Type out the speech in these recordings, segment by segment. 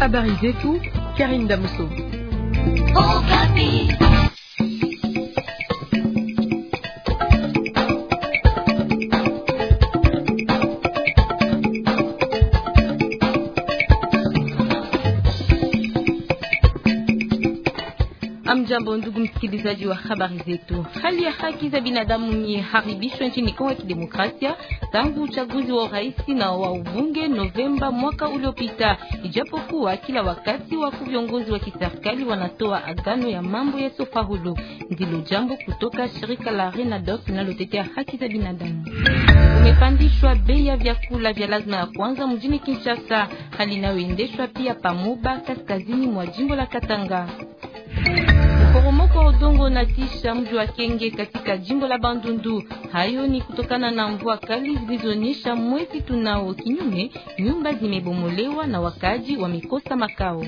Habari zetu Karim Damoso. Hamjambo ndugu msikilizaji wa habari zetu. Hali ya haki za binadamu ni haribishwa nchini Kongo ya Kidemokrasia tangu uchaguzi wa urais na wa ubunge Novemba mwaka uliopita, ijapokuwa kila wakati wa viongozi wa kiserikali wanatoa agano ya mambo ya sofahulu. Ndilo jambo kutoka shirika la Renadox linalotetea haki za binadamu. Umepandishwa bei ya vyakula vya lazima ya kwanza mjini Kinshasa, hali inayoendeshwa pia pamoba kaskazini mwa jimbo la Katanga huko udongo na Tisha mji wa Kenge katika jimbo la Bandundu. Hayo ni kutokana na mvua kali zilizonyesha mwezi tunao, kinyume nyumba zimebomolewa na wakaji wamekosa makao.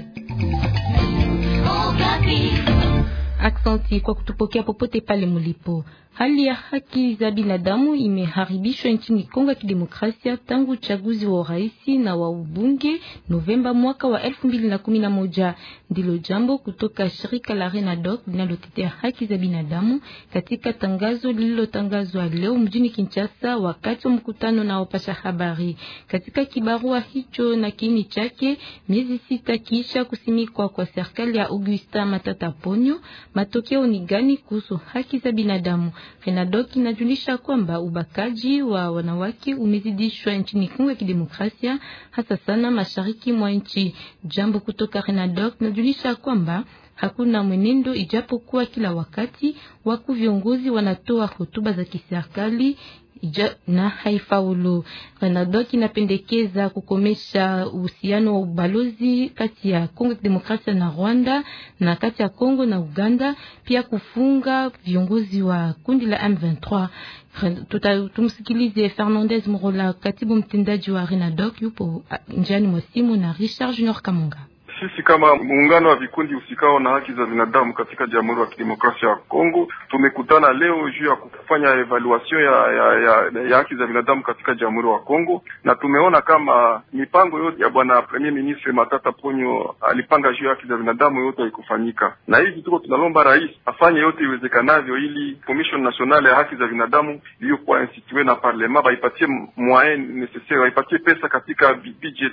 Aksanti kwa kutupokea popote pale mulipo. Hali ya haki za binadamu imeharibishwa nchini Kongo ya Kidemokrasia tangu uchaguzi wa urais na wa ubunge Novemba mwaka wa 2011. Ndilo jambo kutoka shirika la Renadoc linalotetea haki za binadamu katika tangazo lililotangazwa leo mjini Kinshasa wakati wa mkutano na wapasha habari. Katika kibarua hicho na kiini chake, miezi sita kisha kusimikwa kwa serikali ya Augustin Matata Ponyo, matokeo ni gani kuhusu haki za binadamu? Renadoc inajulisha kwamba ubakaji wa wanawake umezidishwa nchini Kongo ya Kidemokrasia, hasa sana mashariki mwa nchi. Jambo kutoka Renadoc inajulisha kwamba hakuna mwenendo ijapokuwa kila wakati waku viongozi wanatoa hotuba za kiserikali ja, na haifaulu. Renadoc inapendekeza kukomesha uhusiano wa ubalozi kati ya Kongo ya Demokrasia na Rwanda na kati ya Kongo na Uganda, pia kufunga viongozi wa kundi la M23. Tumsikilize Fernandez Morola, katibu mtendaji wa Renadoc, yupo njiani mwa simu na Richard Junior Kamunga sisi kama muungano wa vikundi usikao na haki za binadamu katika Jamhuri ya Kidemokrasia ya Kongo tumekutana leo juu ya kufanya evaluation ya, ya, ya, ya haki za binadamu katika Jamhuri ya Kongo, na tumeona kama mipango yote ya bwana Premier Ministre Matata Ponyo alipanga juu ya haki za binadamu yote haikufanyika, na hivi tuko tunalomba rais afanye yote iwezekanavyo ili Commission Nationale ya Haki za Binadamu iliyokuwa institue na parlement baipatie moyen necessaire, baipatie pesa katika budget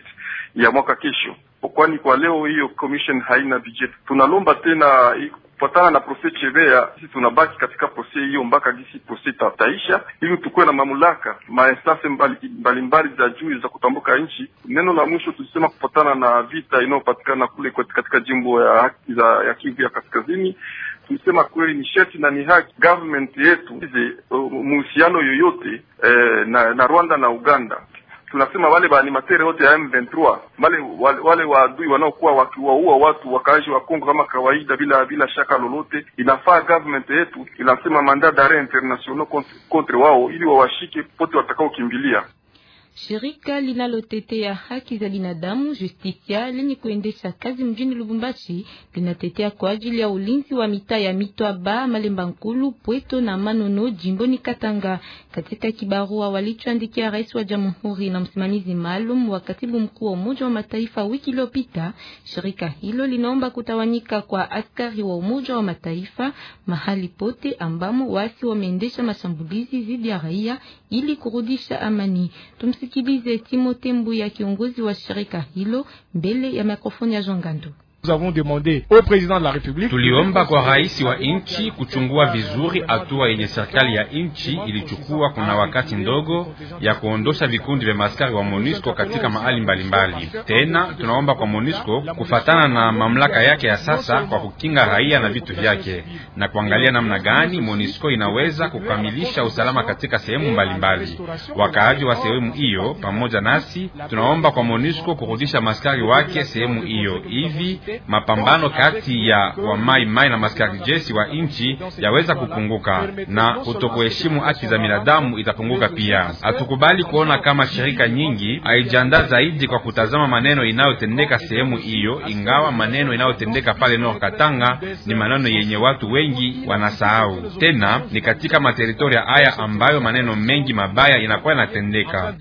ya mwaka kesho kwani kwa leo hiyo commission haina budget. Tunalomba tena kupatana na prose Chevea, sisi tunabaki katika prose hiyo mpaka gisi prose tataisha, ili tukuwe na mamlaka mainstance mbalimbali mbali za juu za kutambuka nchi. Neno la mwisho tulisema kupatana na vita inayopatikana kule katika jimbo ya haki za ya Kivu ya kaskazini tulisema kweli ni sheti na ni haki government yetu ize uh, muhusiano yoyote eh, na, na Rwanda na Uganda tunasema wale baanimatere wote ya M23 wale wale waadui wanaokuwa wakiwaua watu wakaaji wa Kongo kama kawaida, bila bila shaka lolote, inafaa government yetu inasema mandat d'arrêt international contre wao, ili wawashike pote watakaokimbilia. Shirika linalotetea haki za binadamu Justicia lenye kuendesha kazi mjini Lubumbashi linatetea kwa ajili ya ulinzi wa mitaa ya Mitwaba, Malemba Nkulu, Pweto na Manono jimboni Katanga. Katika kibarua walichoandikia Rais wa Jamhuri na msimamizi maalum wa Katibu Mkuu wa Umoja wa Mataifa wiki iliyopita, shirika hilo linaomba kutawanyika kwa askari wa Umoja wa Mataifa mahali pote ambamo waasi wameendesha mashambulizi dhidi ya raia ili kurudisha amani Tumsi tumsikilize Timote Mbuya, kiongozi wa shirika hilo, mbele ya mikrofoni ya Jean Gandu. Tuliomba kwa rais wa nchi kuchungua vizuri hatua yenye serikali ya nchi ilichukua kuna wakati ndogo ya kuondosha vikundi vya maskari wa MONUSCO katika mahali mbalimbali. Tena tunaomba kwa MONUSCO kufatana na mamlaka yake ya sasa kwa kukinga raia na vitu vyake na kuangalia namna gani MONUSCO inaweza kukamilisha usalama katika sehemu mbalimbali. Wakaaji wa sehemu hiyo pamoja nasi tunaomba kwa MONUSCO kurudisha maskari wake sehemu hiyo hivi mapambano kati ya wamaimai mai na maskari jeshi wa nchi yaweza kupunguka na kutokuheshimu haki za binadamu itapunguka pia. Hatukubali kuona kama shirika nyingi haijiandaa zaidi kwa kutazama maneno inayotendeka sehemu hiyo, ingawa maneno inayotendeka pale Nord Katanga ni maneno yenye watu wengi wanasahau. Tena ni katika materitoria haya ambayo maneno mengi mabaya inakuwa inatendeka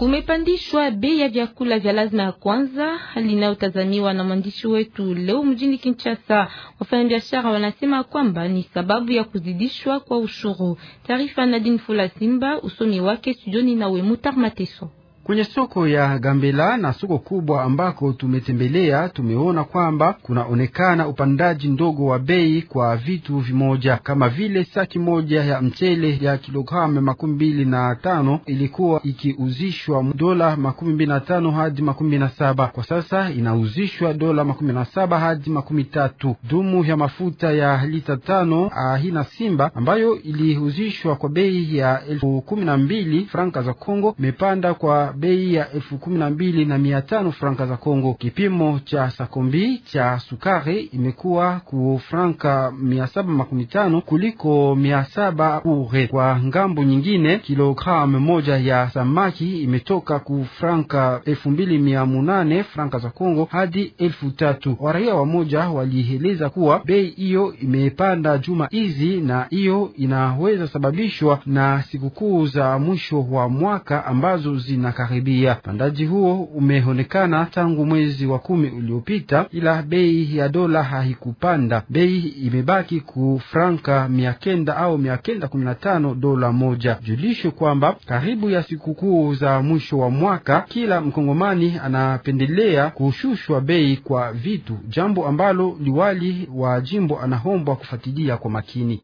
kumepandishwa bei ya vyakula vya lazima ya kwanza, hali inayotazamiwa na mwandishi wetu leo mjini Kinshasa. Wafanyabiashara wanasema kwamba ni sababu ya kuzidishwa kwa ushuru. Taarifa Nadine Fula Simba, usomi wake studioni nawe Mutar Mateso. Kwenye soko ya Gambela na soko kubwa ambako tumetembelea, tumeona kwamba kunaonekana upandaji ndogo wa bei kwa vitu vimoja, kama vile saki moja ya mchele ya kilogramu makumi mbili na tano ilikuwa ikiuzishwa dola makumi mbili na tano hadi makumi na saba kwa sasa inauzishwa dola makumi na saba hadi makumi tatu. Dumu ya mafuta ya lita tano ahina Simba ambayo iliuzishwa kwa bei ya elfu kumi na mbili franka za Kongo imepanda kwa bei ya elfu kumi na mbili na mia tano franka za Kongo. Kipimo cha sakombi cha sukari imekuwa ku franka mia saba makumi tano kuliko mia saba ure. Kwa ngambo nyingine, kilogramu moja ya samaki imetoka ku franka elfu mbili mia munane franka za Kongo hadi elfu tatu. Waraia wamoja walieleza kuwa bei hiyo imepanda juma hizi, na hiyo inaweza sababishwa na sikukuu za mwisho wa mwaka ambazo zina karibia. Upandaji huo umeonekana tangu mwezi wa kumi uliopita, ila bei ya dola haikupanda. Bei imebaki ku franka mia kenda au mia kenda kumi na tano dola moja. Julisho kwamba karibu ya sikukuu za mwisho wa mwaka, kila mkongomani anapendelea kushushwa bei kwa vitu, jambo ambalo liwali wa jimbo anahombwa kufuatilia kwa makini.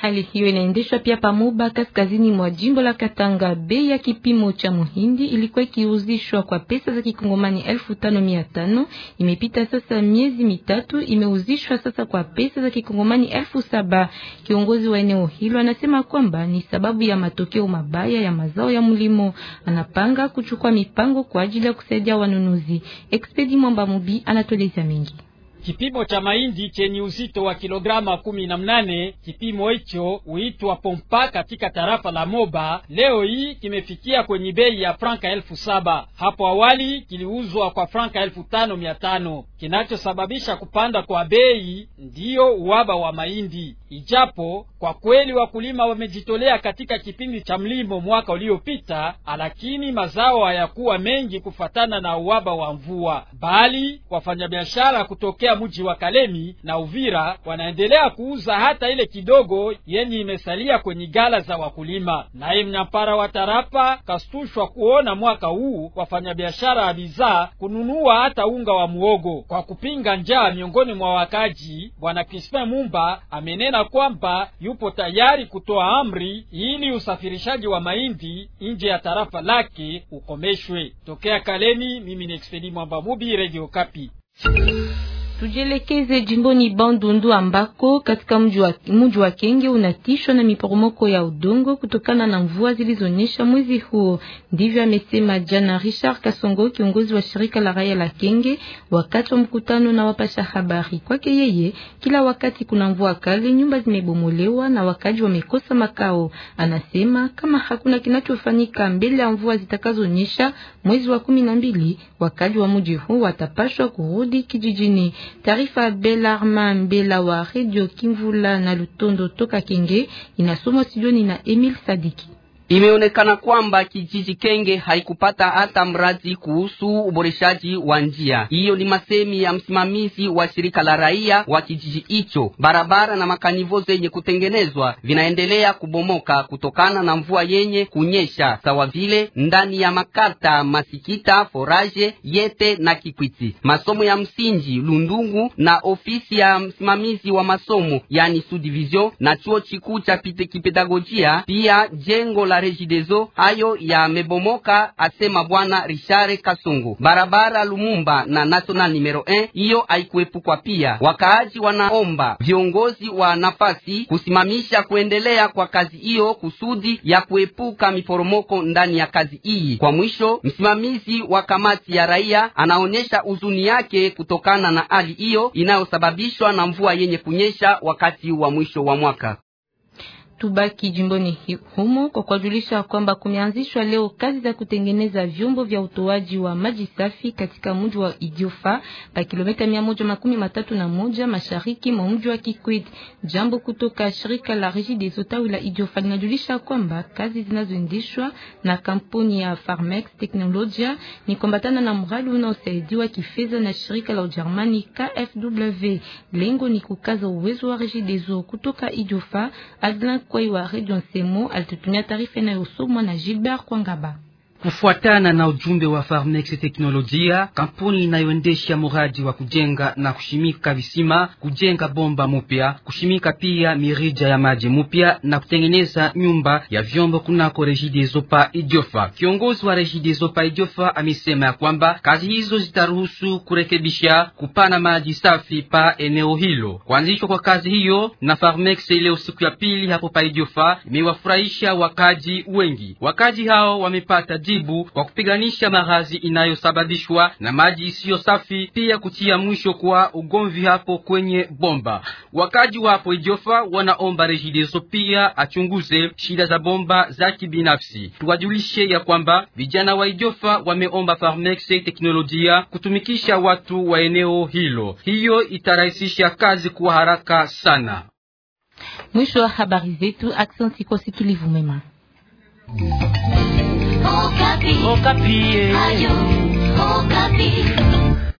Hali hiyo inaendeshwa pia pamoba kaskazini mwa jimbo la Katanga. Bei ya kipimo cha muhindi ilikuwa ikiuzishwa kwa pesa za kikongomani elfu tano mia tano imepita sasa miezi mitatu, imeuzishwa sasa kwa pesa za kikongomani elfu saba Kiongozi wa eneo hilo anasema kwamba ni sababu ya matokeo mabaya ya mazao ya mlimo. Anapanga kuchukua mipango kwa ajili ya kusaidia wanunuzi. Expedi Mwamba Mubi anatueleza mengi Kipimo cha mahindi chenye uzito wa kilograma kumi na mnane, kipimo hicho huitwa pompa katika tarafa la Moba, leo hii kimefikia kwenye bei ya franka elfu saba. Hapo awali kiliuzwa kwa franka elfu tano mia tano. Kinachosababisha kupanda kwa bei ndiyo uhaba wa mahindi. Ijapo kwa kweli wakulima wamejitolea katika kipindi cha mlimo mwaka uliopita, lakini mazao hayakuwa mengi kufatana na uhaba wa mvua, bali wafanyabiashara kutokea mji wa Kalemi na Uvira wanaendelea kuuza hata ile kidogo yenye imesalia kwenye gala za wakulima. Naye mnyampara wa tarapa kastushwa kuona mwaka huu wafanyabiashara wa bidhaa kununua hata unga wa muogo kwa kupinga njaa miongoni mwa wakaji. Bwana Krispin Mumba amenena ya kwamba yupo tayari kutoa amri ili usafirishaji wa mahindi nje ya tarafa lake ukomeshwe. Tokea kaleni mimi ni Expedi Mwamba Mubi, Radio Kapi. Tujelekeze jimboni Bandundu ambako katika mji wa Kenge unatishwa na miporomoko ya udongo kutokana na mvua zilizonyesha mwezi huo. Ndivyo amesema jana Richard Kasongo, kiongozi wa shirika la raia la Kenge, wakati wa mkutano na wapasha habari. Kwake yeye, kila wakati kuna mvua kali, nyumba zimebomolewa na wakaji wamekosa makao. Anasema kama hakuna kinachofanyika mbele ya mvua zitakazonyesha mwezi wa kumi na mbili, wakaji wa mji huu watapashwa kurudi kijijini. Taarifa Belarma Mbela wa Radio Kimvula na Lutondo toka Kenge inasomwa studioni na Emil Sadiki. Imeonekana kwamba kijiji Kenge haikupata hata mradi kuhusu uboreshaji wa njia. Hiyo ni masemi ya msimamizi wa shirika la raia wa kijiji hicho. Barabara na makanivo zenye kutengenezwa vinaendelea kubomoka kutokana na mvua yenye kunyesha, sawa vile ndani ya makata Masikita, Foraje, Yete na Kikwiti, masomo ya msingi Lundungu na ofisi ya msimamizi wa masomo yani subdivision na chuo kikuu cha kipedagojia, pia jengo la la Regideso hayo yamebomoka, asema bwana Richard Kasungu. Barabara Lumumba na National numero 1 hiyo haikuepukwa pia. Wakaaji wanaomba viongozi wa nafasi kusimamisha kuendelea kwa kazi hiyo kusudi ya kuepuka miporomoko ndani ya kazi hii. Kwa mwisho, msimamizi wa kamati ya raia anaonyesha huzuni yake kutokana na hali hiyo inayosababishwa na mvua yenye kunyesha wakati wa mwisho wa mwaka tubaki jimboni humo kwa kuwajulisha kwamba kumeanzishwa leo kazi za kutengeneza vyombo vya utoaji wa maji safi katika mji wa Idiofa pa kilomita mia moja makumi matatu na moja mashariki mwa mji wa Kikwit. Jambo kutoka shirika la Regideso tawi la Idiofa linajulisha kwamba kazi zinazoendeshwa na kampuni ya Farmex Teknolojia ni kombatana na mradi unaosaidiwa kifedha na shirika la Ujerumani KfW. Lengo ni kukaza uwezo wa Regideso kutoka Idiofa Adlan Mkwai wa Radio Nsemo alitutumia taarifa inayosomwa na Gilbert Kwangaba. Kufuatana na ujumbe wa Farmex Teknolojia, kampuni inayoendesha muradi wa kujenga na kushimika visima, kujenga bomba mupya, kushimika pia mirija ya maji mupya na kutengeneza nyumba ya vyombo kunako Regidesopa Idiofa. Kiongozi wa Regidesopa Idiofa amesema ya kwamba kazi hizo zitaruhusu kurekebisha, kupana maji safi pa eneo hilo. Kuanzishwa kwa kazi hiyo na Farmex leo siku ya pili hapo pa Idiofa imewafurahisha wakaji wengi. Wakaji hao wamepata majibu kwa kupiganisha maradhi inayosababishwa na maji isiyo safi, pia kutia mwisho kwa ugomvi hapo kwenye bomba. Wakaji wa hapo Ijofa wanaomba Rejidezo pia achunguze shida za bomba za kibinafsi. Tuwajulishe ya kwamba vijana wa Ijofa wameomba Farmex teknolojia kutumikisha watu wa eneo hilo, hiyo itarahisisha kazi kwa haraka sana. Mwisho wa habari zetu. Aksanti kwa kusikiliza mema. Okapi. Okapi. Eh.